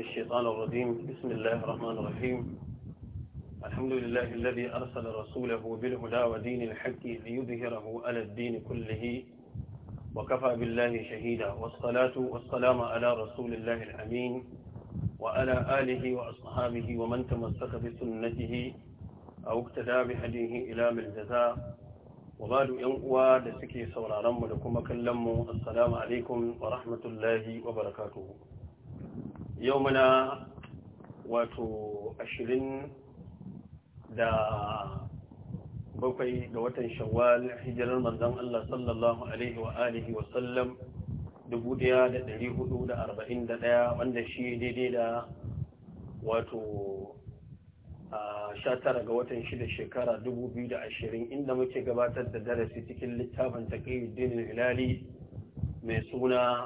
الشيطان الرجيم بسم الله الرحمن الرحيم الحمد لله الذي أرسل رسوله بالهدى ودين الحق ليظهره على الدين كله وكفى بالله شهيدا والصلاة والسلام على رسول الله الأمين وعلى آله وأصحابه ومن تمسك بسنته أو اقتدى بهديه إلى الجزاء وبعد ينقوى لسكي سورارم لكم كلموا السلام عليكم ورحمة الله وبركاته yau muna wato ashirin da bakwai ga watan shawwal hijirar manzan Allah sallallahu Alaihi wa alihi wasallam 1441 wanda shi daidai da wato a tara ga watan shida shekara 2020 inda muke gabatar da darasi cikin littafin dinin hilali mai suna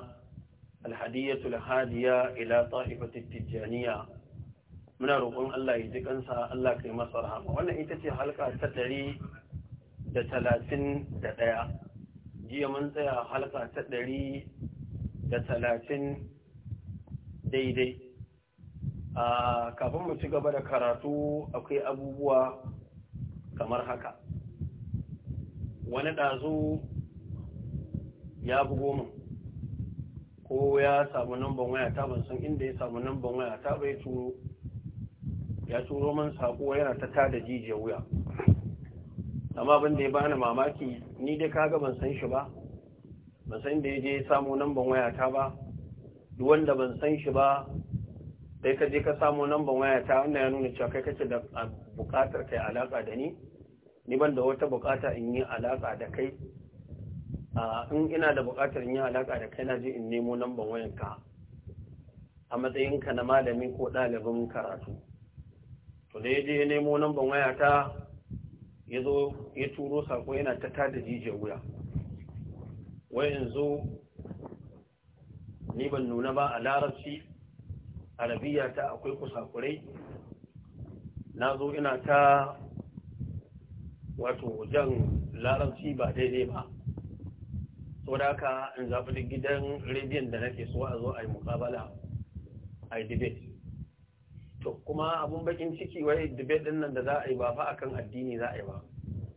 alhadiyatul hadiya ila ta'ifatit tijaniya muna roƙon Allah ya ji kansa Allah kai masa rahama wannan ita ce halka ta ɗari 131 jiya mun tsaya halka ta ɗari 130 daidai a kafin mu ci gaba da karatu akwai abubuwa kamar haka wani ɗazu ya bugo mu ko ya samu numban waya ta ban san inda ya samu numban waya ta bai turo ya turo man sako yana ta tada jijiyar wuya amma abin da ya bani mamaki ni dai kaga ban san shi ba ban san da ya je ya samu numban waya ta ba duk wanda ban san shi ba sai ka je ka samu numban waya ta wannan ya nuna cewa kai kace da bukatar kai alaka da ni ni ban da wata bukata in yi alaka da kai in ina da buƙatar yin alaƙa da kai na je in nemo lambar wayanka a matsayinka na malami ko ɗalibin karatu to da ya je ya nemo lambar wayata ya zo ya turo sako yana ta tada jijiya wuya wayan zo ni ban nuna ba a larabci arabiya ta akwai kusakurai na zo ina ta wato jan larabci ba daidai ba saboda in zaɓi gidan rediyon da nake so a zo a yi mukabala a yi debate to kuma abun bakin ciki wai debate ɗin nan da za a yi ba fa akan addini za a yi ba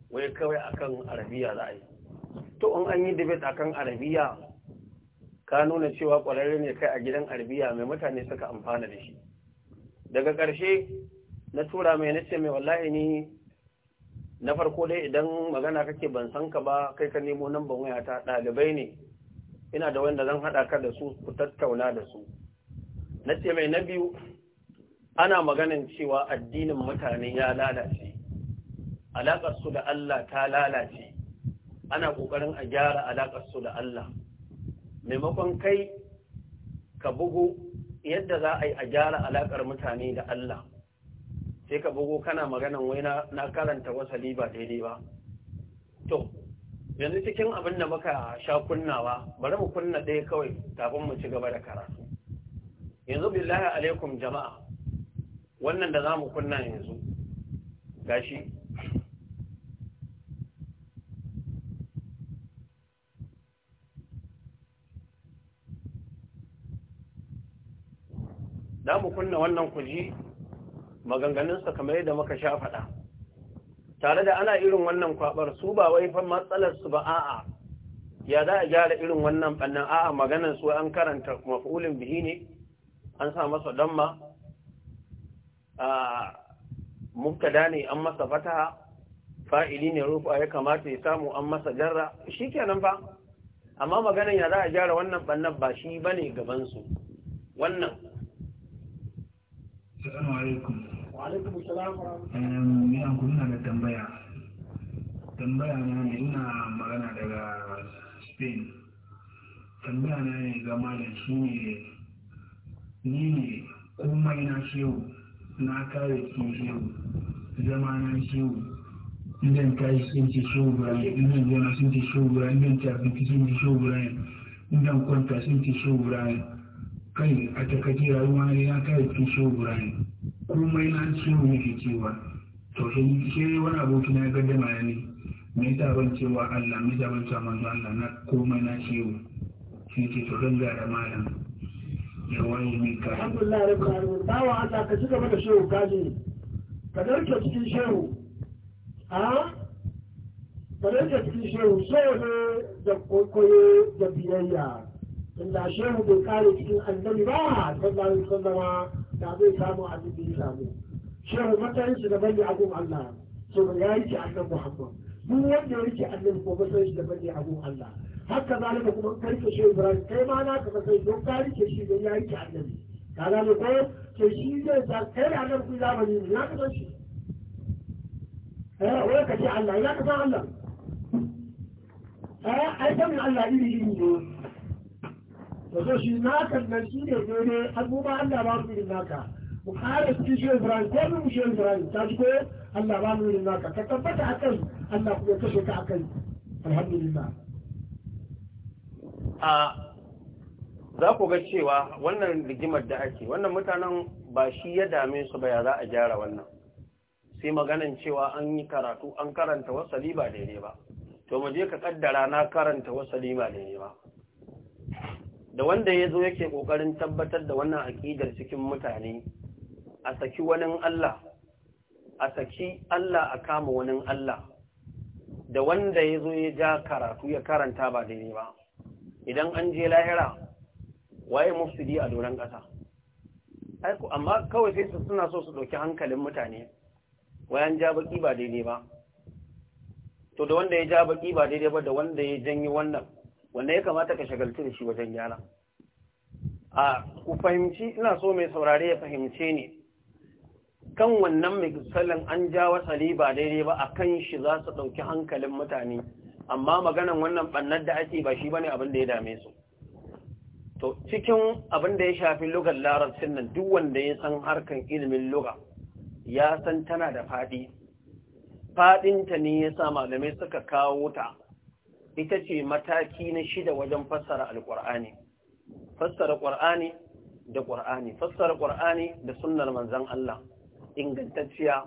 wai kawai akan arabiya za a yi to in an yi debate akan arabiya ka nuna cewa ƙwararre ne kai a gidan arabiya mai mutane suka amfana da shi daga ƙarshe na tura mai na ce mai wallahi ni na farko dai idan magana kake ban san ka ba kai ka nemo nan ban waya ɗalibai ne ina da wanda zan haɗa ka da su ku tattauna da su na ce mai na biyu ana maganin cewa addinin mutane ya lalace alaƙar su da Allah ta lalace ana ƙoƙarin a gyara alaƙar su da Allah maimakon kai ka bugu yadda za a yi a gyara alaƙar mutane da Allah sai ka bugo kana maganan wai na karanta wasali ba daidai ba to yanzu cikin abin da muka sha kunnawa bari mu kunna ɗaya kawai kafin mu ci gaba da karatu yanzu billahi alaikum jama'a wannan da za mu kunna yanzu gashi za mu kunna wannan kuji maganganunsa kamar yadda muka sha faɗa tare da ana irin wannan kwabar su ba wai fa matsalar su ba a'a ya za a gyara irin wannan bannan a'a maganar su an karanta maf'ulin bihi ne an sa masa damma a mubtada ne an masa fataha fa'ili ne rufa ya kamata ya samu an masa jarra shikenan fa amma maganar ya za a gyara wannan bannan ba shi bane gaban su wannan Ni an kuna da tambaya. Tambaya na ne ina magana daga Spain. Tambaya na ne ga malam shi ne ni ne komai na shehu na kare ki shehu zama na shehu idan ka yi sun ce shehu burayi idan zama sun ce shehu burayi idan ta abinci sun ce shehu burayi idan kwanta sun ce shehu burayi kai a takaice rayuwa ne na kare ki shehu burayi. komai na ciwo yake cewa to shi wani aboki na ga dama ne mai taban cewa Allah mai taban cewa manzo Allah na komai na ciwo shi ke to dan gara malam ya wani mai ka alhamdulillah rabbil alamin bawa Allah ka ci gaba da shehu kaji ka dauke cikin shehu a ka dauke cikin shehu shehu ne da koyo da biyayya inda shehu bai kare cikin annabi ba sallallahu alaihi wasallama da zai samu abin da ya samu shehu matsayin su da ne abun Allah so ya yi ce annan Muhammad duk wanda ya rike annan ko matsayin shi da ne abun Allah haka zalika kuma ka rike shehu Ibrahim kai ma na ka matsayin don ka rike shi don ya rike annabi ka ne ko to shi zai sa kai da annabi ku zamani ne ya kasan shi eh wai ka ce Allah ya kasan Allah eh ai sanin Allah iri iri ne wato shi naka nan shi ne dole abubuwa Allah ba mu irin naka mu kare su shi Ibrahim ko mu shi Ibrahim ta ji ko Allah ba mu irin naka ka tabbata a akan Allah kuma kashe ka kan alhamdulillah a za ku ga cewa wannan rigimar da ake wannan mutanen ba shi ya dame su ba ya za a gyara wannan sai maganan cewa an yi karatu an karanta wasali ba daidai ba to mu je ka kaddara na karanta wasali ba daidai ba da wanda ya zo yake ƙoƙarin tabbatar da wannan aƙidar cikin mutane a saki wani Allah a saki Allah a kama wani Allah da wanda ya zo ya ja karatu ya karanta ba daidai ba idan an je lahira waye mufsidi a doron ƙasa amma kawai sai su suna so su ɗauki hankalin mutane wayan ja baki ba daidai ba to da wanda ya ja baki ba daidai ba da wanda ya janyi wannan wanda ya kamata ka shagaltu da shi wajen gyara a ku fahimci ina so mai saurare ya fahimce ni kan wannan mai misalin an ja wasali ba daidai ba a kan shi za su ɗauki hankalin mutane amma maganan wannan ɓannar da ake ba shi ba ne abin da ya dame su to cikin abin da ya shafi lugar larabcin nan duk wanda ya san harkar ilimin luga ya san tana da faɗi faɗinta ne ya sa malamai suka kawo ta ita ce mataki na shida wajen fassara alƙur'ani fassara ƙur'ani da ƙur'ani fassara ƙur'ani da sunnar manzon Allah ingantacciya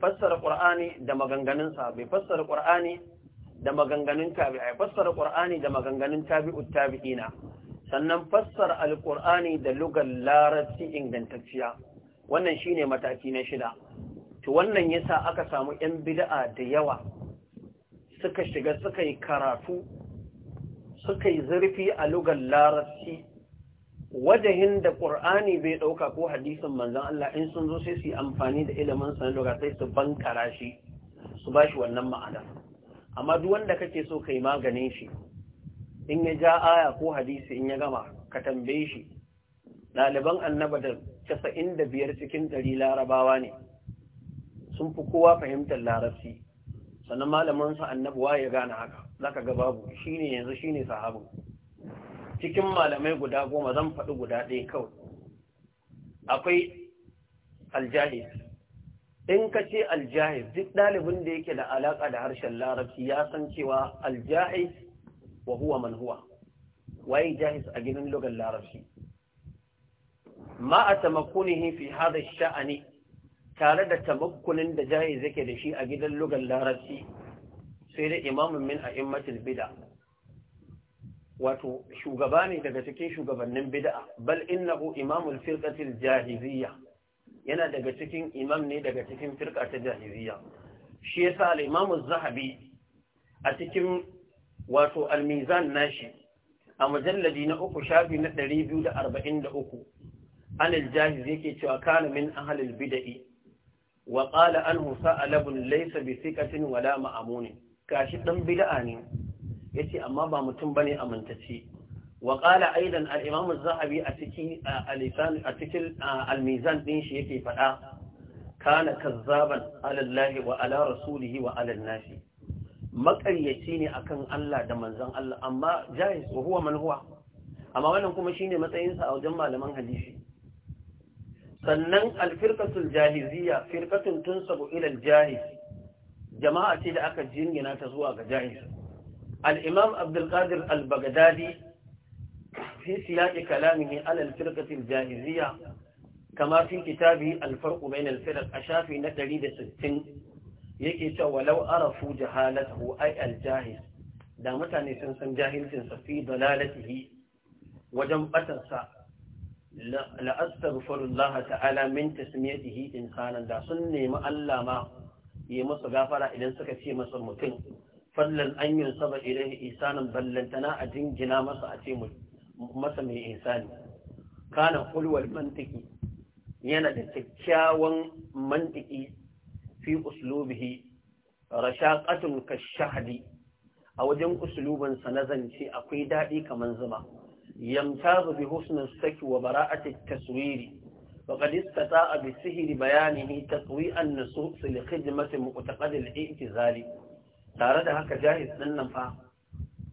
fassara ƙur'ani da maganganun sahabbai fassara ƙur'ani da maganganun tabi'ai fassara ƙur'ani da maganganun tabi'ut tabi'ina sannan fassara alƙur'ani da lugar larabci ingantacciya wannan shine mataki na shida to wannan yasa aka samu 'yan bid'a da yawa suka shiga suka yi karatu suka yi zurfi a lugar larabci wajahin da ƙur'ani bai ɗauka ko hadisin manzan Allah in sun zo sai su yi amfani da ilimin sanar na sai su bankara shi su ba shi wannan ma'ana amma duk wanda kake so ka yi maganin shi in ya ja aya ko hadisi in ya gama ka tambaye shi ɗaliban annaba da casa'in da biyar cikin ɗari larabawa ne sun fi kowa fahimtar larabci sannan malamin sa annabuwa ya gane haka zaka ga babu shine yanzu shine sahabu cikin malamai guda goma zan faɗi guda ɗaya kawai akwai aljahis in ka ce aljahis duk ɗalibin da yake da alaƙa da harshen larabci ya san cewa aljahis wa huwa man huwa waye jahis a gidan lugar larabci ma a tamakunihi fi hada sha'ani tare da tabakkulin da jayi zake da shi a gidan lugan larabci sai da imamun min a'immatul bid'a wato shugaba ne daga cikin shugabannin bid'a bal innahu imamul firqatil jahiziyya yana daga cikin imam ne daga cikin firqa ta jahiziyya shi yasa al-imam az-zahabi a cikin wato al-mizan nashi a mujalladi na uku shafi na 243 an al-jahiz yake cewa kana min ahlil bid'i wa qala anhu sa'alabun laysa bi thiqatin wala ma'amun kashi dan bid'a ne yace amma ba mutum bane ne, wa Waƙala aidan al-imam az-zahabi a cikin al-lisan a cikin al-mizan din shi yake faɗa. kana kazzaban ala allahi wa ala rasulihi wa ala an-nasi makaryaci ne akan Allah da manzon Allah amma jahis huwa man huwa amma wannan kuma shine matsayinsa a wajen malaman hadisi sannan alfirkatul jahiziyya firkatun sabo ilal aljahiz jama'a ce da aka jingina ta zuwa ga jahiz al-imam abdulkadir al bagdadi fi siyaqi kalamihi ala alfirkatun jahiziyya kama fi kitabi al-farq bayna al-firq ashafi na 160 yake cewa walau arafu jahalatahu ay al-jahiz da mutane sun san jahilcin sa fi dalalatihi wajen batansa la'astaghfirullah ta'ala min tasmiyatihi insanan da sun nemi Allah ma yi masa gafara idan suka ce masa mutum fallan an yun saba ilaihi isanan ballantana a jingina masa a ce masa mai insani kana hulwal mantiki yana da kyakkyawan mantiki fi uslubihi rashaqatun kashahdi a wajen uslubinsa na zance akwai daɗi kamar zuma Yamta يمتاز بحسن السك وبراءة التصوير وقد استطاع بسهر بيانه تقويء النصوص لخدمة مؤتقد الاعتزال tare da haka jahis din nan fa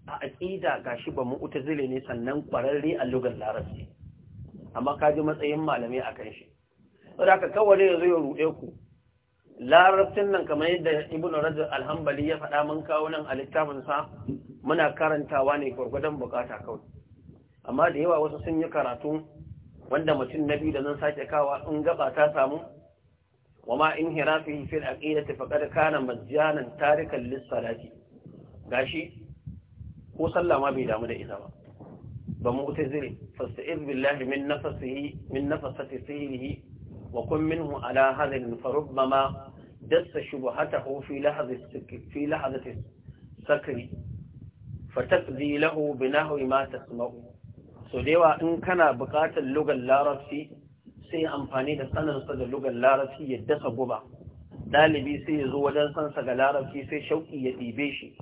a gashi ba mu'tazili ne sannan kwararre a lugar larabci amma ka matsayin malamai akan shi saboda haka kawai yanzu ya rude ku larabcin nan kamar yadda ibnu rajab al ya faɗa mun kawo nan a littafin sa muna karantawa ne gurgudan bukata kawai amma da yawa wasu sun yi karatu wanda mutum na biyu da zan sake kawa in gaba ta samu wama in hirafihi fil aqidati faqad kana majjanan tarikan lis gashi ko sallah ma bai damu da ita ba ba mu'tazili fasta'iz billahi min nafsihi min nafsati sihrihi wa kun minhu ala hadhihi farubbama dassa shubhatahu fi lahadhi fi lahadhi sakri fatakdi lahu binahu ma tasma'u so da yawa in kana buƙatar lugar larabci sai amfani da sanarsa da lugar larabci ya dasa guba ɗalibi sai ya zo wajen sansa ga larabci sai shauƙi ya ɗibe shi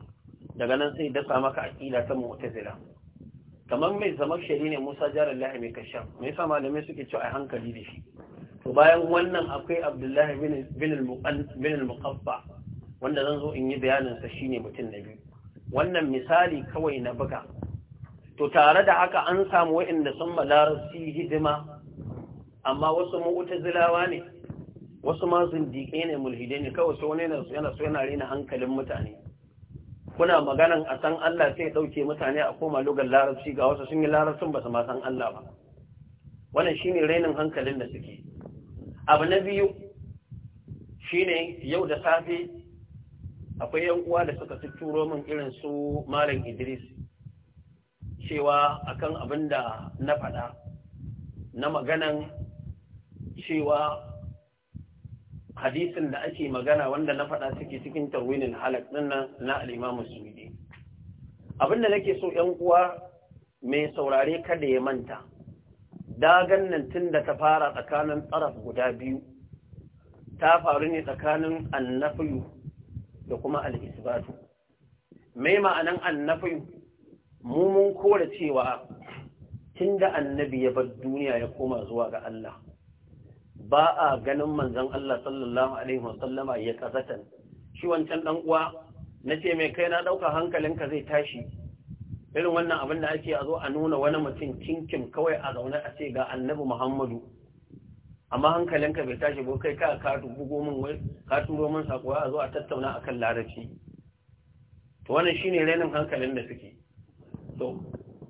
daga nan sai dasa maka aƙila ta mu'tazila kamar mai zamar shari ne musa jara lahi mai kashan mai sa malamai suke cewa a hankali da shi to bayan wannan akwai abdullahi bin al-muqaffa wanda zan zo in yi bayaninsa shine mutum na biyu wannan misali kawai na buga to tare da haka an samu wa'inda sun yi hidima amma wasu zilawa ne wasu ma zindiƙe ne mulhide ne kawai so ne yana so yana rena hankalin mutane kuna maganan a san Allah sai ɗauke mutane a koma lugar larabci ga wasu sun yi larabcin ba su ma san Allah ba wannan shine rainin hankalin da suke abu na biyu shine yau da safe akwai yan uwa da suka turo min irin su malam Idris cewa akan abin da na faɗa na maganan cewa hadisin da ake magana wanda na faɗa suke cikin tarwinin halak nan na al'imamu suwidi abin da nake so ‘yan uwa mai saurare kada ya manta dagan nan tun da ta fara tsakanin tsaraf guda biyu ta faru ne tsakanin annafiyu da kuma al'isbatu mai ma'anan annafiyu mu mun kore cewa tun da annabi ya bar duniya ya koma zuwa ga Allah ba a ganin manzon Allah sallallahu alaihi wasallama ya kazatan shi wancan dan uwa nace mai kai na ɗauka hankalinka zai tashi irin wannan abin da ake a zo a nuna wani mutum kinkin kawai a zaune a ce ga annabi Muhammadu amma hankalinka bai tashi ba kai ka ka bugo min wai ka turo min sakowa a zo a tattauna akan larabci to wannan shine renin hankalin da suke to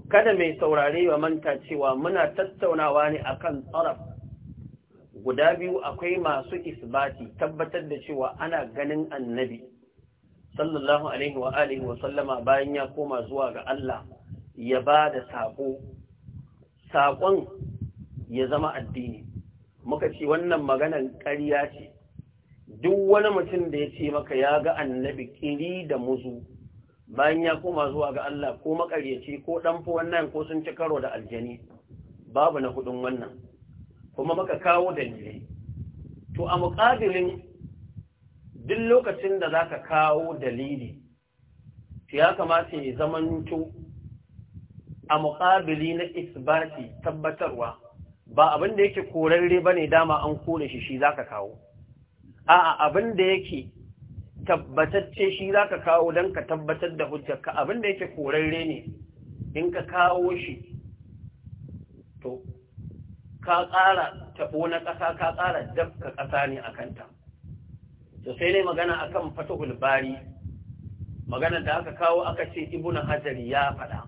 kada mai saurare wa manta cewa muna tattaunawa ne akan tsaraf guda biyu akwai masu isbati tabbatar da cewa ana ganin annabi sallallahu alaihi wa alihi wa sallama bayan ya koma zuwa ga Allah ya ba da sako. saƙon ya zama addini muka ce wannan maganan ƙarya ce duk wani mutum da ya ce maka ya ga annabi ƙiri da muzu bayan ya koma zuwa ga Allah ko makaryaci ko ɗanfi wannan ko sun ci karo da aljani babu na kudin wannan kuma maka kawo dalilai to a muƙadilin duk lokacin da za ka kawo dalili ya kamata ya zamanto a muƙabili na isbati tabbatarwa ba abin da yake korarre ba ne dama an kore shi shi za ka kawo a'a abin da yake tabbatacce shi za ka kawo don ka tabbatar da abin da yake korarre ne in ka kawo shi to ka ƙara taɓo na ƙasa ka ƙara dafka ƙasa ne a kanta to sai ne magana akan fatahul bari magana da aka kawo aka ce na hajar ya faɗa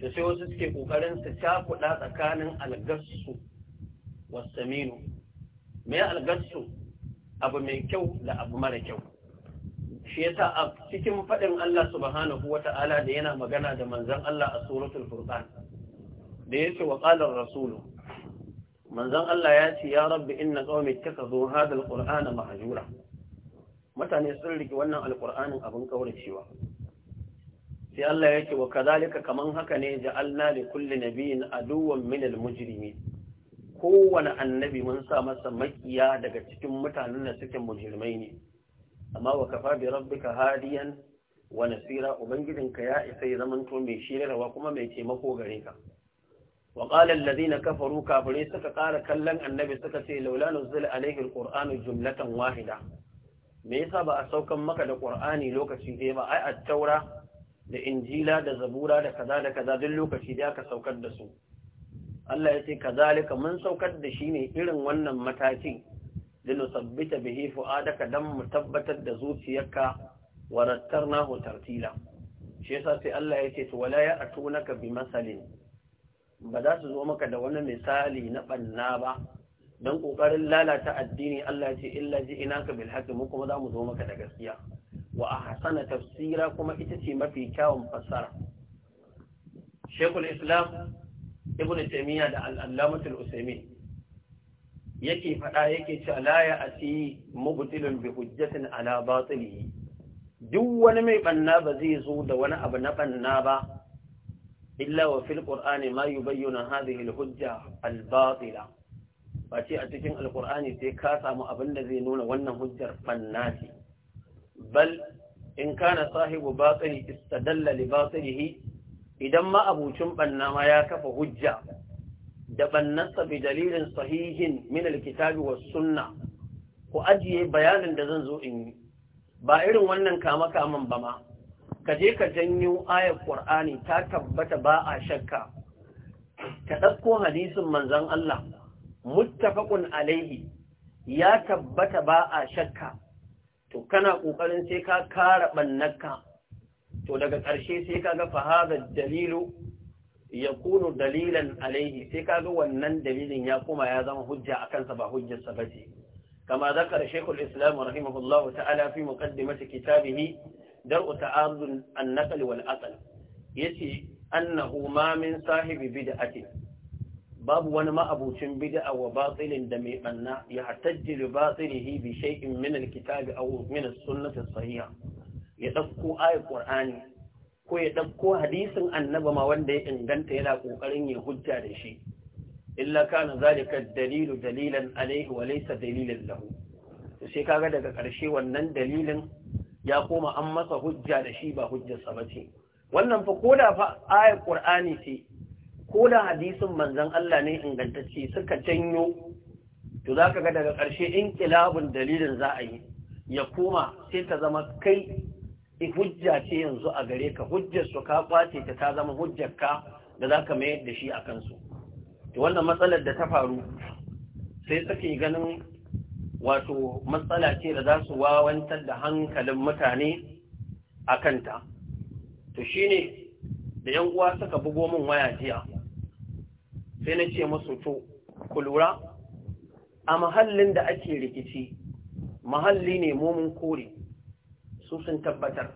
to sai wasu suke ƙoƙarin su kuɗa tsakanin wasu wasaminu mai algarsu abu mai kyau da abu mara kyau shi yasa a cikin faɗin Allah subhanahu wata'ala da yana magana da manzon Allah a suratul furqan da yake wa qala ar-rasul manzon Allah ya ce ya rabbi inna qaumi ittakhadhu hadha al-qur'ana mahjura mutane sun riki wannan alqur'anin abin ƙauracewa sai Allah yake wa kazalika kaman haka ne ja'alna li kulli na aduwwan min al kowane annabi mun sa masa makiya daga cikin mutanen da suke mujrimai ne amma wa kafa bi rabbika hadiyan wa nasira ubangijinka ya isa ya zamanto mai shirarwa kuma mai taimako gare ka wa qala alladhina kafaru kafare suka ƙara kallon annabi suka ce laula nuzul alayhi alquranu jumlatan wahida me yasa ba a saukan maka da qur'ani lokaci ɗaya ba ai at-taura da injila da zabura da kaza da kaza duk lokaci da aka saukar da su Allah ya ce kazalika mun saukar da shi ne irin wannan matakin. linusabbita bihi fu'adaka dan mu tabbatar da zuciyarka wa rattarnahu tartila shi yasa sai Allah ya ce to wala ya atunaka bi masalin ba za su zo maka da wani misali na banna ba dan ƙoƙarin lalata addini Allah ce illa ji inaka bil haqqi mu kuma zamu zo maka da gaskiya wa ahsana tafsira kuma ita ce mafi kyawun fassara Sheikhul Islam Ibn Taymiyyah da Al-Allamah Al-Utsaimin yake faɗa yake cewa alaya ya asi mubtilun bi hujjatin ala batilihi duk wani mai banna ba zai zo da wani abu na banna ba illa wa fil qur'ani ma yubayyana hadhihi al hujja al batila ba ce a cikin alqur'ani sai ka samu abin da zai nuna wannan hujjar banna ce bal in kana sahibu batili istadalla li batilihi idan ma abucin banna ma ya kafa hujja da bannansa bi dalilin sahihin min alkitabi was sunna ku ajiye bayanin da zan zo in yi ba irin wannan kama kaman ba ma ka je ka janyo ayar qur'ani ta tabbata ba a shakka ka dauko hadisin manzon Allah muttafaqun alaihi ya tabbata ba a shakka to kana kokarin sai ka kara bannanka to daga ƙarshe sai ka fa hada dalilu ya kunu dalilan alaihi sai kaga wannan dalilin ya kuma ya zama hujja a kansa ba hujjarsa ba ce kama zakar shekul islam rahimahullah ta'ala fi muqaddimati kitabihi dar'u ta'arud an-naql wal aql yace annahu ma min sahibi bid'atin babu wani ma'abucin bid'a wa batilin da mai banna ya hatajji li batilihi bi shay'in min al-kitabi aw min as-sunnah as-sahiha ya dauko ayat qur'ani ko ya ɗauko hadisin annaba ma wanda ya inganta yana ƙoƙarin ya hujja da shi illa kana zalika dalilu dalilan alaihi wa laysa dalilan lahu sai kaga daga ƙarshe wannan dalilin ya koma an masa hujja da shi ba hujjar sa bace wannan fa koda fa ayat qur'ani ce koda hadisin manzon Allah ne ingantacce suka janyo to zaka ga daga ƙarshe inqilabun dalilin za a yi ya koma sai ta zama kai hujja ce yanzu a gare ka hujjar su ka kwace ta ta zama hujjar ka da za ka mayar da shi a kansu to wannan matsalar da ta faru sai suke ganin wato matsala ce da za su wawantar da hankalin mutane a kanta to shi ne da yan uwa suka bugo min waya jiya sai na ce masu to ku lura a mahallin da ake rikici mahalli ne momin kore su sun tabbatar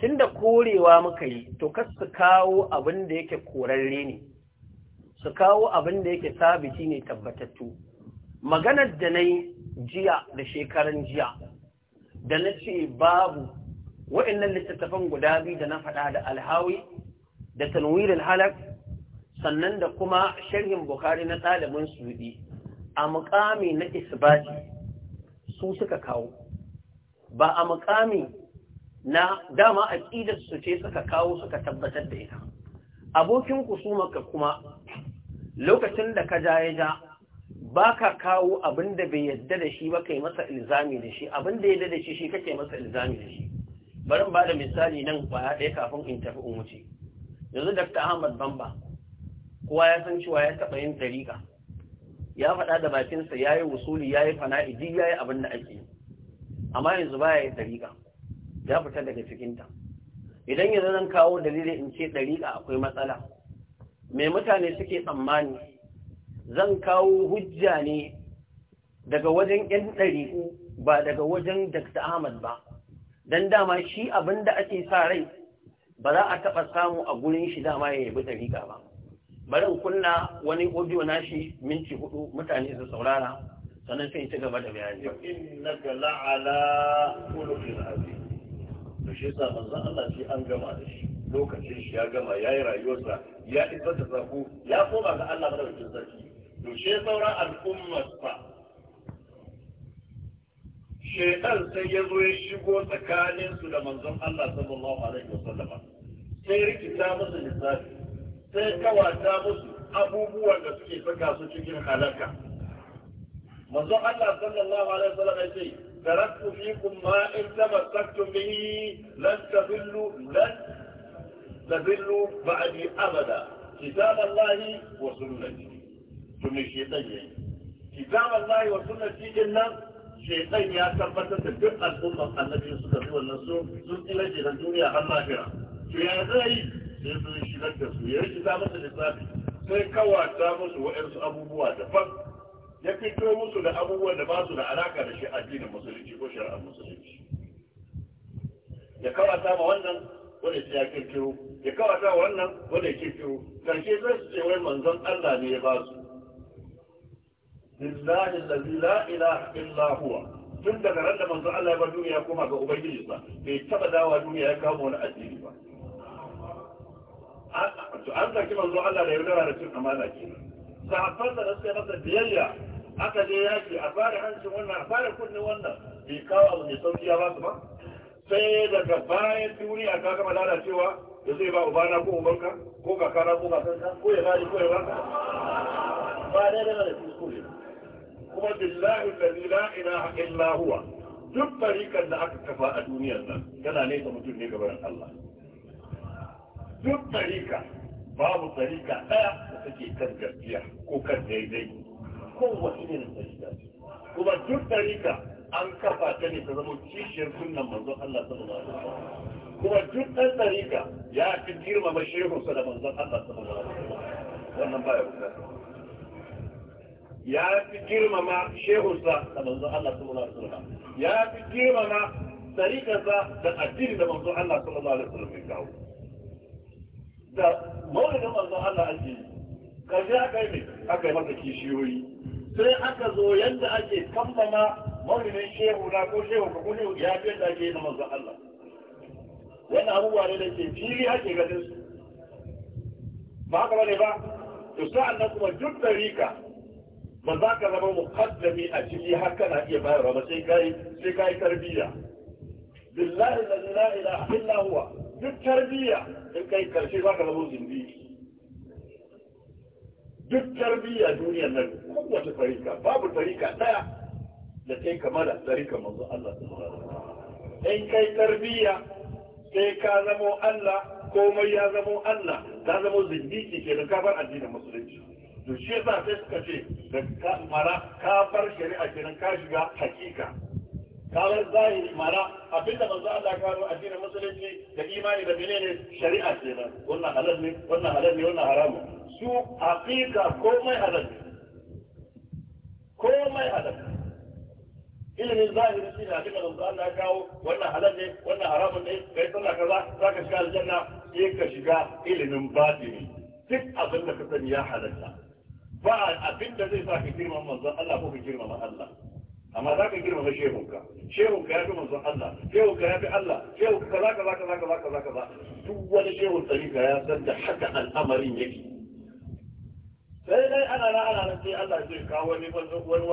tunda korewa muka yi to kas su kawo abin da yake korarre ne su kawo abin da yake sabiti ne tabbatattu maganar da na jiya da shekaran jiya da na ce babu wa'annan littattafan guda biyu da na faɗa da alhawi da tanwirin halak sannan da kuma sharhin bukari na ɗalibin suɗi a mukami na isbati su suka kawo ba a mukami na dama aqidar su ce suka kawo suka tabbatar da ita abokin ka kuma lokacin da ka ja ya ja ba ka kawo abin da bai yadda da shi ba kai masa ilzami da shi abin da yadda da shi shi kake masa ilzami da shi barin ba da misali nan kwaya ɗaya kafin in tafi in wuce yanzu dr ahmad bamba kowa ya san cewa ya taɓa yin ɗariƙa ya faɗa da bakinsa ya yi wusuli ya yi duk ya yi abin da ake amma yanzu baya yin dariƙa ya fita daga cikinta idan yanzu zan kawo dalilin in ce dariƙa akwai matsala mai mutane suke tsammani zan kawo hujja ne daga wajen ‘yan ɗariƙu ba daga wajen Dr. Ahmad ba, Dan dama shi abin da ake sa rai ba za a taɓa samu a gurin shi dama ya yabi dariƙa ba. Barin kunna wani audio nashi minti hudu mutane su saurara. sannan sai ci gaba da bayani innaka la'ala khuluqin azim to shi yasa manzon Allah shi an gama da shi lokacin shi ya gama ya yi rayuwarsa ya isar da zako ya koma ga Allah madaukakin sarki to shi sauran al'ummar fa shaitan sai ya zo ya shigo tsakaninsu da manzon Allah sallallahu alaihi wasallam sai rikita musu lissafi sai kawata musu abubuwan da suke saka su cikin halaka منذ حل صلى الله عليه وسلم يقول تركت فيكم ما إن تمسكتم به لن تذلوا لن تذلوا بعدي أبدا كتاب الله وسنتي سنة الشيطين كتاب الله وسنة الشيطين شيطين يا سبتة تبقى الأمة النبي صلى الله عليه وسلم سنتي لجي الدنيا الناهرة في هذا الشيطين سيكوى التامس وإرس أبو بواجة فقط ya fito musu da abubuwan da ba su da alaka da shi addinin musulunci ko shari'ar musulunci ya kawata ma wannan wanda ya kirkiro ya kawata ma wannan wanda ya kirkiro karshe zai su ce wai manzon Allah ne ya ba su lillahi allazi la ilaha illa huwa tun daga ran da manzon Allah ya bar duniya koma ga ubangiji sa bai taba dawa duniya ya kawo wani addini ba an zaki manzon Allah da yaudara da cin amana kenan sahabban da suka masa biyayya aka je yaki a fara hancin wannan a fara kunne wannan bai kawo abu mai sauki ya ba su ba sai daga bayan a ta gama cewa da zai ba ubana ko ubanka ko kakana ko kakanka ko ya bani ko ya baka ba dai daga da kuskure kuma billahi alladhi la ilaha illa huwa duk farikan da aka kafa a duniyar nan yana nesa mutum ne gaban Allah duk tarika babu tarika ɗaya da take kan gaskiya ko kan daidai kowace irin sajda kuma duk ɗarika an kafa ta ne ta zama kishiyar sunan manzo Allah sallallahu alaihi wasallam kuma duk ɗan ɗarika ya fi shehu sa da manzo Allah sallallahu alaihi wasallam wannan baya bukata ya fi shehu sa da manzo Allah sallallahu alaihi wasallam ya fi girmama sa da addini da manzo Allah sallallahu alaihi wasallam ya kawo da maulidin manzo Allah ake yi kaje aka yi aka yi masa kishiyoyi sai aka zo yadda ake kammala maulidin shehu na ko shehu ka ko ya fi yadda ake yi na manzon Allah wani abubuwa ne da ke fili ake ganin su ba haka ba ne ba to sa'an nan kuma duk da rika ba za ka zama muqaddami a ciki har kana iya bayarwa ba sai kai sai kai tarbiyya billahi la ilaha illa huwa duk tarbiyya in kai karshe za ka zama zindi duk tarbiyya duniyar nan kowace farika babu farika daya da sai kama da tarika manzo Allah sallallahu in kai tarbiyya sai ka zamo Allah komai ya zamo Allah ka zamo zindiki ke da kafar addinin musulunci to shi yasa sai suka ce da ka mara ka bar shari'a kenan ka shiga hakika karar zahiri mara abinda manzo Allah ya a addinin musulunci da imani da menene shari'a kenan wannan halal ne wannan halal ne wannan haramu su haqiqa komai halal komai halal ilimin zahiri shi ne abinda manzo Allah ya kawo wannan halal ne wannan haramun ne kai sallah kaza zaka shiga aljanna sai ka shiga ilimin batini duk abinda ka sani ya halalta ba abinda zai sa ka girmama manzo Allah ko ka girmama Allah amma za ka girmama shehunka shehunka ya fi manzon Allah shehunka ya fi Allah shehunka kaza kaza kaza kaza kaza kaza duk wani shehun tsarika ya san da haka al'amarin yake sai dai ana na ana nan sai Allah zai kawo wani wani wani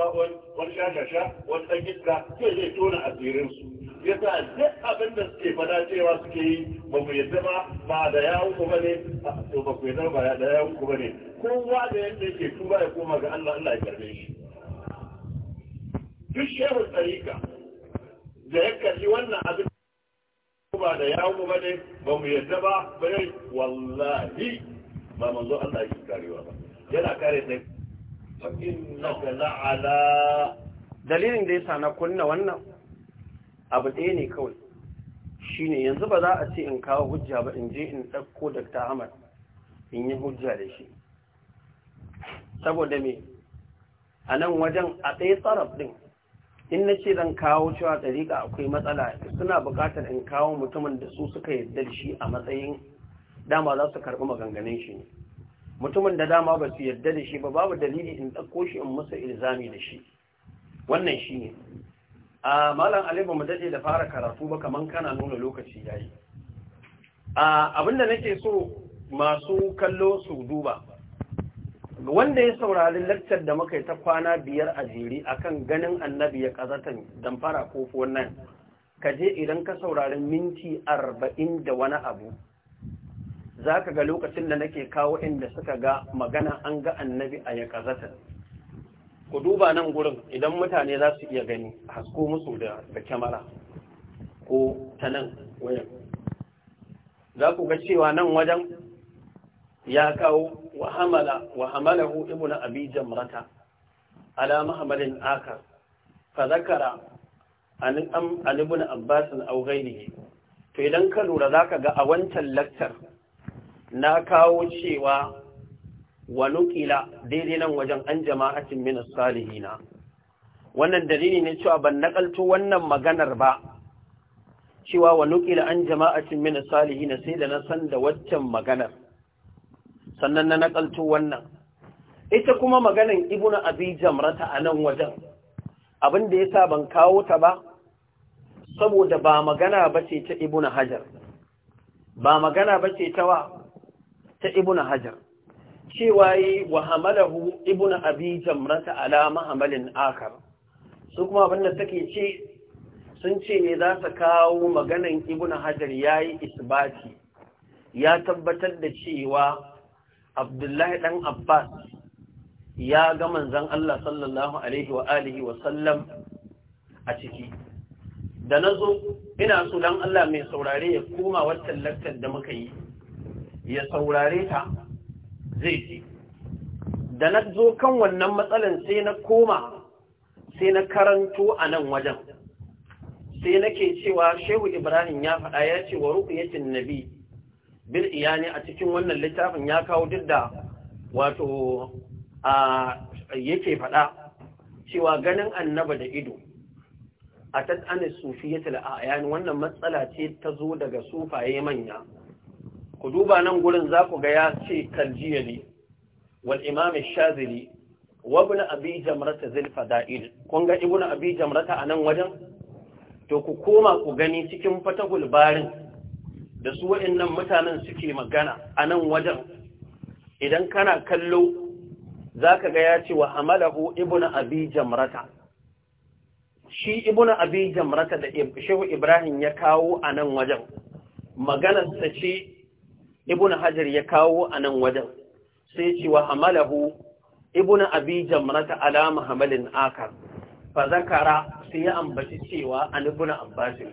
wani shashasha wani dan iska sai zai tona asirin su yasa duk abin da suke fada cewa suke yi ba mu yadda ba ba da yawu ku bane to ba ku yadda ba da yawu ku ne kowa da yadda yake tuba ya koma ga Allah Allah ya karbe shi duk shehun tsarika da ya kalli wannan abin ba da yawo ba ne ba mu yadda ba bai ne wallahi ba manzo Allah yake karewa ba yana kare sai innaka la'ala dalilin da yasa na kunna wannan abu ɗaya ne kawai shine yanzu ba za a ce in kawo hujja ba in je in ɗauko Dr. Ahmad in yi hujja da shi saboda me a nan wajen a ɗaya tsaraf ɗin in na ce zan kawo cewa ɗariƙa akwai matsala suna buƙatar in kawo mutumin da su suka yarda da shi a matsayin dama za su karɓi maganganun shi ne mutumin da dama ba su yarda da shi ba babu dalili in ɗauko shi in musu ilzami da shi wannan shi ne a malam ali mu daɗe da fara karatu ba kamar kana nuna lokaci ya yi abinda nake so masu kallo su duba wanda ya saurari lakcar da muka yi ta kwana biyar a jere akan ganin annabi ya kazatan damfara ko nan, ka je idan ka saurari minti arba'in da wani abu za ka ga lokacin da nake kawo inda suka ga magana an ga annabi a ya kazatan ku duba nan gurin idan mutane za su iya gani hasko musu da kyamara ko ta nan wayan za ku ga cewa nan wajen ya kawo wa hamala wa hamalahu ibnu abi jamrata ala mahmalin akar fa zakara an an ibnu abbas aw ghayrihi to idan ka lura zaka ga a wancan lakcar na kawo cewa wa nuqila daidai nan wajen an jama'atin min salihina wannan dalili ne cewa ban nakalto wannan maganar ba cewa wa nuqila an jama'atin min salihina sai da na san da waccan maganar sannan na nakalto wannan ita kuma maganan ibnu abi jamrata a nan wajen abin da yasa ban kawo ta ba saboda ba magana bace ta ibnu hajar ba magana bace ta wa ta ibnu hajar cewa yi wa hamalahu ibnu abi jamrata ala mahamalin akar su kuma abin da take ce sun ce ne za ta kawo maganan ibnu hajar yayi isbati ya tabbatar da cewa abdullahi ɗan abbas ya ga manzan Allah sallallahu alaihi wa alihi wa a ciki da na zo ina su don Allah mai saurare ya koma wata laktar da muka yi ya saurare ta zai fi. da na zo kan wannan matsalan sai na koma sai na karanto a nan wajen sai nake cewa shehu ibrahim ya faɗa ya ce wa ruƙuyatin nabi bil iyani a cikin wannan littafin ya kawo duk da wato a yake faɗa cewa ganin annaba da ido a tat'anin sufiyyatul ayan wannan matsala ce ta zo daga sufaye manya ku duba nan gurin za ku ga ya ce kaljiyali wal imam shazili wa ibn abi jamrata zil fada'il kun ga ibn abi jamrata anan wajen to ku koma ku gani cikin fatahul barin da su waɗannan mutanen suke magana a nan wajen idan kana kallo za ka ga ya ce wa hamalahu ibn abi jamrata shi ibn abi jamrata da shehu ibrahim ya kawo a nan wajen maganarsa ce ibn hajar ya kawo a nan wajen sai ce wa hamalahu ibn abi jamrata ala muhammadin akar fa zakara sai ya ambaci cewa an ibn abbasin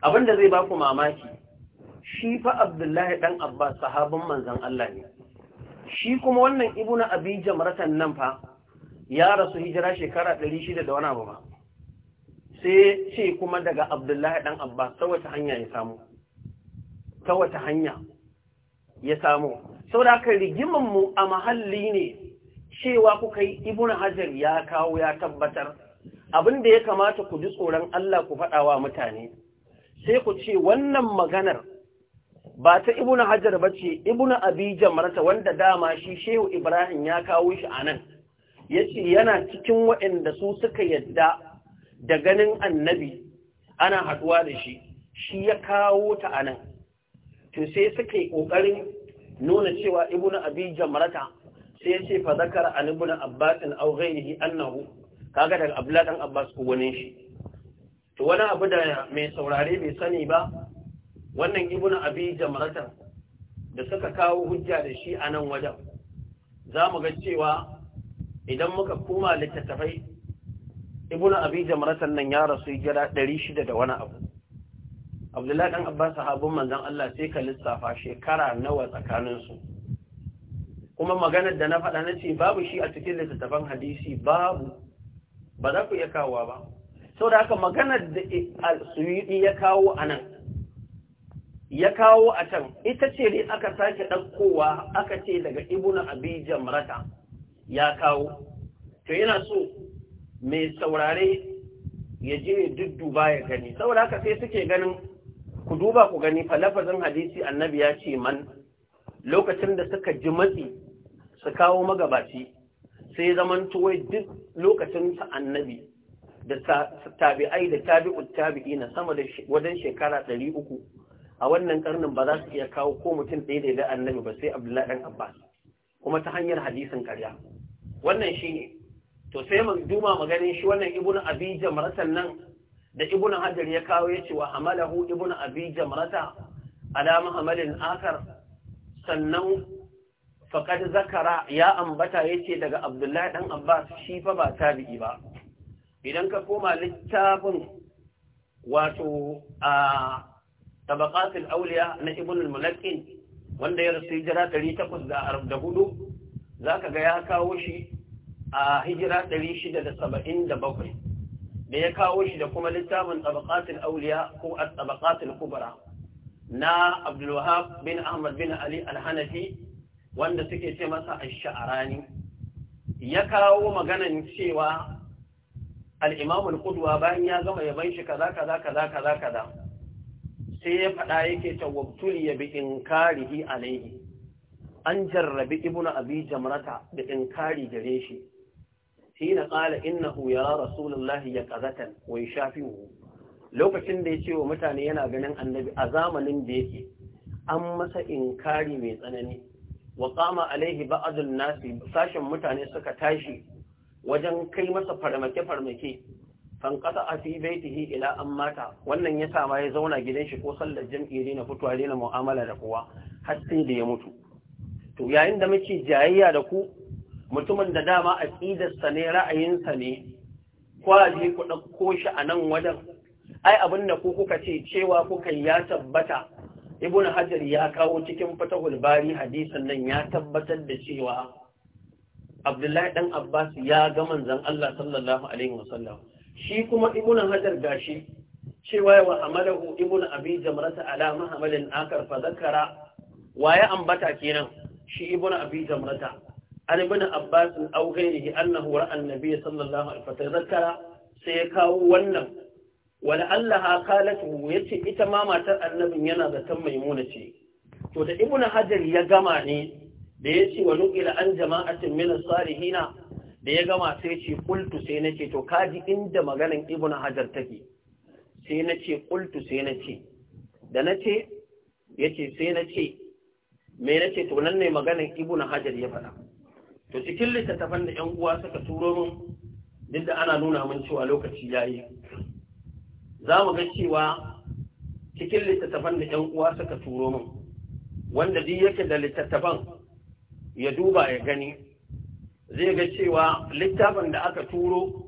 abinda zai ba ku mamaki shi fa abdullahi ɗan abbas sahabin manzan Allah ne shi kuma wannan ibnu abi jamratan nan fa ya rasu hijira shekara 600 da wani abu ba sai ce kuma daga abdullahi ɗan abbas ta wata hanya ya samu ta wata hanya ya samu saboda rigimin mu a mahalli ne cewa kuka yi ibnu hajar ya kawo ya tabbatar Abinda ya kamata ku ji tsoron Allah ku faɗa wa mutane sai ku ce wannan maganar ba ta ibnu ba ce, ibnu abi jamrata wanda dama shi shehu ibrahim ya kawo shi a nan, ya ce yana cikin waɗanda su suka yadda da ganin annabi ana haɗuwa da shi shi ya kawo ta a nan. to sai suka yi ƙoƙarin nuna cewa ibnu abi marata sai ce fa zakara an ibnu abbas aw ghairihi annahu kaga daga Abdullahi dan abbas ko wani shi to wani abu da mai saurare bai sani ba wannan ibnu abi jamrata da suka kawo hujja da shi a nan wajen za mu ga cewa idan muka koma littattafai ibnu abi jamratan nan ya rasu jira 600 da wani abu abdullahi dan abbas sahabban manzon Allah sai ka lissafa shekara nawa tsakanin su kuma maganar da na faɗa na ce babu shi a cikin littattafan hadisi babu ba za ku iya kawowa ba saboda haka maganar da eh, al-suyidi ya kawo anan ya kawo a can ita ce ne aka sake ɗaukowa aka ce daga ibuna Abijan rata. ya kawo to yana so mai saurare ya je dudduba ya gani saboda haka sai suke ganin ku duba ku gani falafazin hadisi annabi ya ce man lokacin da suka ji matsi su kawo magabaci sai zaman tuwai duk lokacin sa annabi da tabi'ai da tabi'ut na sama da wajen shekara ɗari uku a wannan karnin ba za su iya kawo ko mutum ɗaya da annabi ba sai abdullahi ɗan abbas kuma ta hanyar hadisin karya wannan shi ne to sai mu duma maganin shi wannan ibn abi jamrata nan da ibn hajar ya kawo ya ce wa hamalahu ibn abi jamrata ala muhammadin akar sannan faqad zakara ya ambata yace daga abdullahi dan abbas shi fa ba tabi'i ba idan ka koma littafin wato a tabaqatul Auliya na ibn al-mulakkin wanda ya rasu hijira 844 zaka ga ya kawo shi a hijira 677 da ya kawo shi da kuma littafin tabaqatul Auliya ko at-tabaqatul kubra na Abdul Wahab bin Ahmad bin Ali al-Hanafi wanda suke ce masa a rani. ya kawo maganan cewa al-imam al bayan ya gama ya shi kaza kaza kaza kaza kaza sai ya faɗa yake ta ya bi inkarihi alaihi an jarrabi ibnu abi jamrata da inkari gare shi hina qala innahu yara rasulullahi ya qazatan wa yashafihu lokacin da yace wa mutane yana ganin annabi a zamanin da yake an masa inkari mai tsanani wa qama alaihi ba'dun nasi sashin mutane suka tashi wajen kai masa farmake farmake kasa a fi baitihi ila an mata wannan ya sa ma ya zauna gidan shi ko sallar jam'i ne na fitowa ne na mu'amala da kowa har sai da ya mutu to yayin da muke jayayya da ku mutumin da dama a sa ne ra'ayinsa ne ji ku ko shi a nan wajen ai abin da ku kuka ce cewa kuka ya tabbata ibn hajar ya kawo cikin fatahul bari hadisin nan ya tabbatar da cewa abdullahi dan abbas ya ga manzon Allah sallallahu alaihi wasallam shi kuma ibn hajar gashi cewa wa hamalahu ibn abi jamrata ala mahamalin akar fa zakara waye ambata kenan shi ibn abi jamrata an ibn abbas aw ghairihi annahu ra'a an-nabiy sallallahu alaihi wasallam zakara sai ya kawo wannan wala allaha Ya yace ita ma matar annabin yana da tan maimuna ce to da ibn hajar ya gama ne da ce wa nuqila an jama'atin min as-salihina da ya gama sai ce kultu sai na ce to kaji inda maganan ibn hajar take sai na ce kultu sai na ce da na ce ya ce sai na ce me na ce to nan ne maganan ibn hajar ya faɗa to cikin littattafan da 'yan uwa suka turo min duk da ana nuna min cewa lokaci ya yi za mu ga cewa cikin littattafan da 'yan uwa suka turo min wanda duk yake da littattafan ya duba ya gani zai ga cewa littafin da aka turo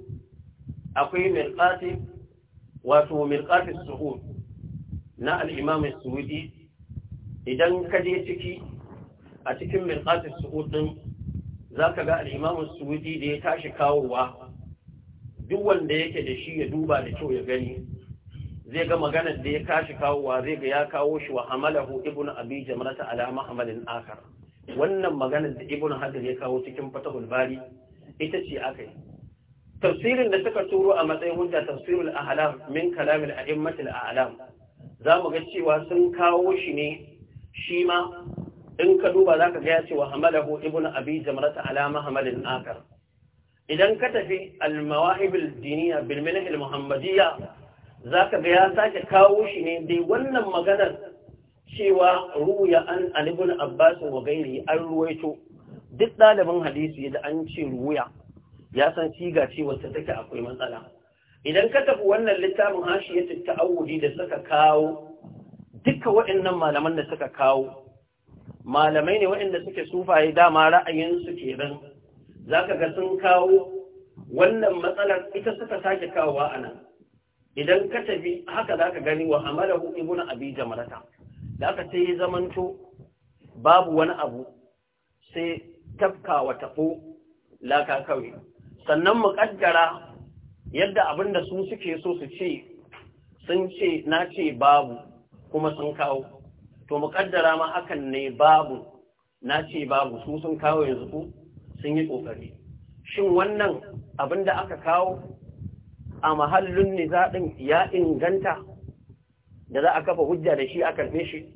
akwai mirqati wato mirqati suhud na al-imam idan ka je ciki a cikin mirqati suhud din zaka ga al-imam da ya tashi kawowa duk wanda yake da shi ya duba da kyau ya gani zai ga maganar da ya kashi kawowa zai ga ya kawo shi wa hamalahu ibnu abi jamrata ala mahmalin akhar wannan maganar da ibn hajar ya kawo cikin fatahul bari ita ce aka yi tafsirin da suka turo a matsayin hujja tafsirul ahlam min kalamil a'immatil a'lam za mu ga cewa sun kawo shi ne shi ma in ka duba za ka gaya cewa hamalahu ibn abi jamrata ala mahamalin akar idan ka tafi almawahibul diniya bil manhaj muhammadiyya za ka ga ya sake kawo shi ne dai wannan maganar cewa ruya an alibin abbas wa gairi an ruwaito duk ɗalibin hadisi da an ce ruya ya san siga ce wacce take akwai matsala idan ka tafi wannan littafin hashiyatul ta'awudi da suka kawo duka waɗannan malaman da suka kawo malamai ne waɗanda suke sufaye dama ra'ayinsu Za ka ga sun kawo wannan matsalar ita suka sake kawowa anan idan ka tafi haka za ka gani wa amalahu ibnu abi jamrata da aka sai ya zamanto babu wani abu sai tafka wa taɓo laka kawai sannan muƙaddara yadda abin da su suke so su ce sun ce na ce babu kuma sun kawo to muƙaddara ma hakan ne babu na ce babu su sun kawo yanzu ku sun yi ƙoƙari shin wannan abin da aka kawo a mahallin nizaɗin ya inganta da za a kafa hujja da shi a karfe shi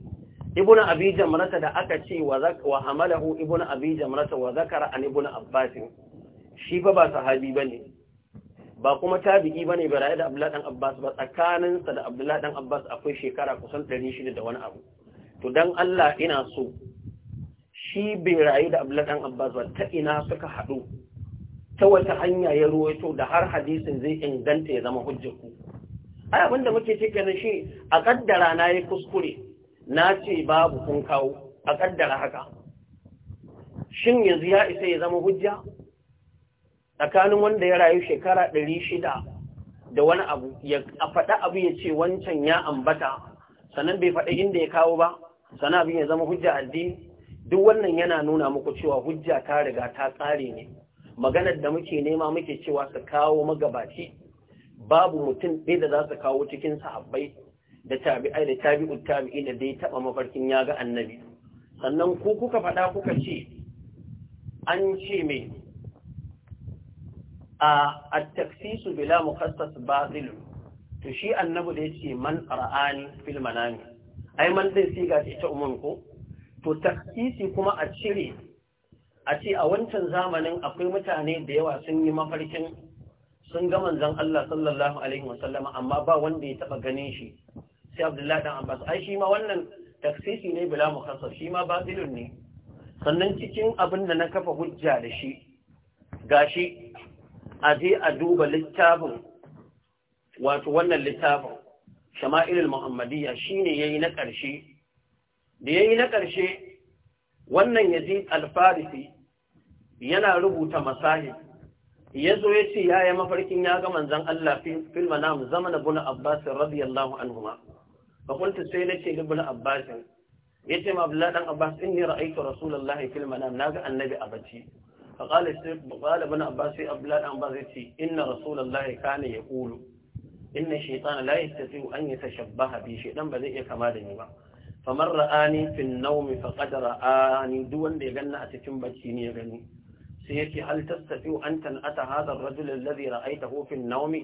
ibuna Abijan marata da aka ce wa hamalahu ibuna abi marata wa zakara an ibuna abbas shi ba ba sahabi ne. ba kuma tabi'i ne ba raye da abdullahi abbas ba tsakaninsa da abdullahi abbas akwai shekara kusan 600 da wani abu to dan Allah ina so shi bai raye da abdullahi abbas ba ta ina suka haɗu? ta wata hanya ya ruwaito da har hadisin zai inganta ya zama hujjar ku ai abinda muke cike da shi a kaddara na yi kuskure na ce babu kun kawo a kaddara haka shin yanzu ya isa ya zama hujja tsakanin wanda ya rayu shekara ɗari shida da wani abu ya faɗa abu ya ce wancan ya ambata sannan bai faɗi inda ya kawo ba sannan abin ya zama hujja addini duk wannan yana nuna muku cewa hujja ta riga ta tsare ne maganar da muke nema muke cewa su kawo magabaci babu mutum ɗaya da za su kawo cikin sahabbai da tabi'ai da tabi'ut tabi'i da dai taɓa mafarkin ya ga annabi sannan ko kuka faɗa kuka ce an ce mai a attaksisu bila mukhassas batil to shi annabi da yace man ra'ani fil manami ai man din siga ga ita umman ko to taksisi kuma a cire a ce a wancan zamanin akwai mutane da yawa sun yi mafarkin sun ga manzon Allah sallallahu alaihi wasallama amma ba wanda ya taba ganin shi sai Abdullahi dan Abbas ai shi ma wannan taksisi ne bila mukhassas shi ma batilun ne sannan cikin abin da na kafa hujja da shi gashi a je a duba littafin wato wannan littafin shama'ilul muhammadiyya shine yayi na ƙarshe da yayi na ƙarshe wannan yazid al-farisi yana rubuta masahib ya zo ya ce ya yi mafarkin ya ga manzan Allah fil manam zama na bula Abbas radiyallahu anhuma fa qultu sai na ce ibn Abbas ya ce ma Abdullah dan Abbas in inni ra'aytu rasulullahi fil manam ga annabi a bacci fa qala sai qala ibn Abbas sai Abdullah dan Abbas ya ce inna rasulullahi kana yaqulu inna shaytana la yastati an yatashabbaha bi shaytan ba zai iya kama da ni ba famar ra'ani fil nawmi faqad ra'ani duk wanda ya ganna a cikin bacci ne ya gani sai yake hal tastati an tan'ata hadha rajul alladhi ra'aytahu fi an-nawm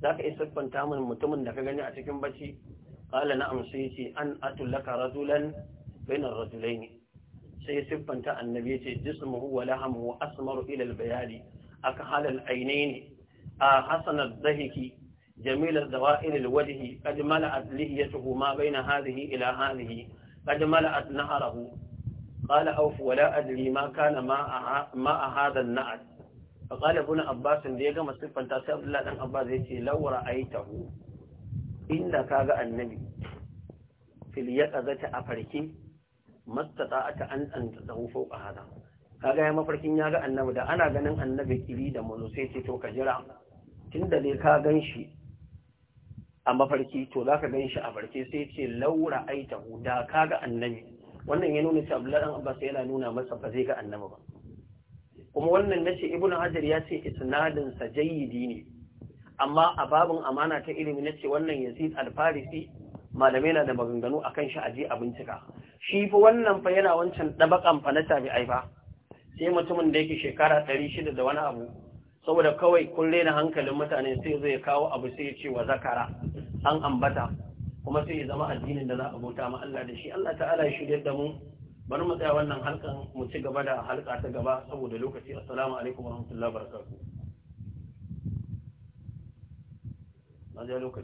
zaka iya siffanta min mutumin da ka gani a cikin bacci qala na'am sai yace an atulaka rajulan bainar rajulaini sai siffanta annabi yace jismuhu wa lahamuhu asmaru ila al-bayadi aka halal ainaini a hasanar dahiki جميل الدوائر الوجه قد ملأت لحيته ما بين هذه إلى هذه قد ملأت نهره قال أوف ولا أدري ما كان ما هذا النعد فقال ابن عباس ديغا مصفا تاسي عبد الله بن عباس يتي لو رأيته إن كاغا النبي في اليقظة أفركي ما استطاعت أن تدعو فوق هذا kaga ya mafarkin ya ga annabi da ana ganin annabi kiri da mazo sai ce to ka jira tunda dai ka ganshi a mafarki to zaka ganshi a farke sai ce laura aitahu da kaga annabi wannan ya nuna cewa Abdullahi dan Abbas yana nuna masa ba zai ga annabi ba kuma wannan nace Ibn Hajar ya ce isnadin sa jayyidi ne amma a babin amana ta ilimi nace wannan Yazid al-Farisi malamai na da maganganu akan shi aje a bincika shi fa wannan fa yana wancan dabakan fa na tabi'ai fa sai mutumin da yake shekara 600 da wani abu saboda kawai kun rena hankalin mutane sai zai kawo abu sai ya ce wa zakara an ambata kuma sai ya zama addinin da za a bauta ma Allah da shi Allah ta'ala ya shirya da mu bari mu tsaya wannan halkan mu ci gaba da halka ta gaba saboda lokaci assalamu alaikum warahmatullahi wabarakatuh